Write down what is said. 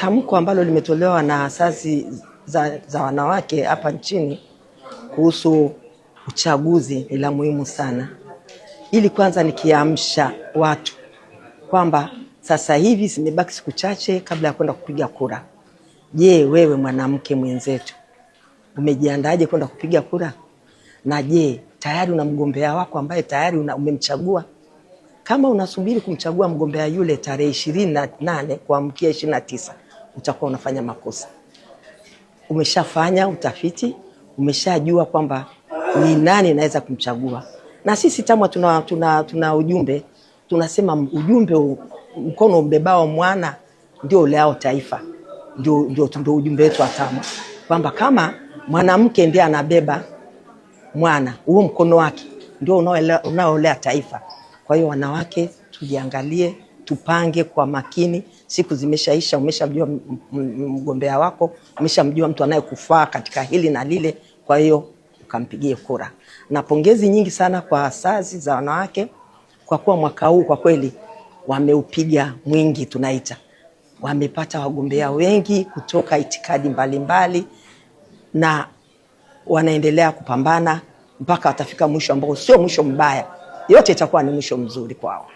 tamko ambalo limetolewa na asasi za, za wanawake hapa nchini kuhusu uchaguzi ni la muhimu sana, ili kwanza nikiamsha watu kwamba sasa hivi zimebaki siku chache kabla ya kwenda kupiga kura. Je, wewe mwanamke mwenzetu umejiandaje kwenda kupiga kura? Na je, tayari una mgombea wako ambaye tayari una, umemchagua? Kama unasubiri kumchagua mgombea yule tarehe ishirini na nane kuamkia ishirini na tisa utakuwa unafanya makosa. Umeshafanya utafiti, umeshajua kwamba ni nani naweza kumchagua. Na sisi TAMWA tuna, tuna, tuna ujumbe tunasema, ujumbe mkono umbebao mwana ndio uleao taifa, ndio, ndio, ndio ujumbe wetu wa TAMWA kwamba kama mwanamke ndiye anabeba mwana, huo mkono wake ndio unaolea taifa. Kwa hiyo wanawake, tujiangalie tupange kwa makini. Siku zimeshaisha, umeshamjua mgombea wako, umeshamjua mtu anayekufaa katika hili na lile, kwa hiyo ukampigie kura. Na pongezi nyingi sana kwa asasi za wanawake kwa kuwa mwaka huu kwa kweli wameupiga mwingi, tunaita wamepata wagombea wengi kutoka itikadi mbalimbali mbali, na wanaendelea kupambana mpaka watafika mwisho ambao sio mwisho mbaya, yote itakuwa ni mwisho mzuri kwao.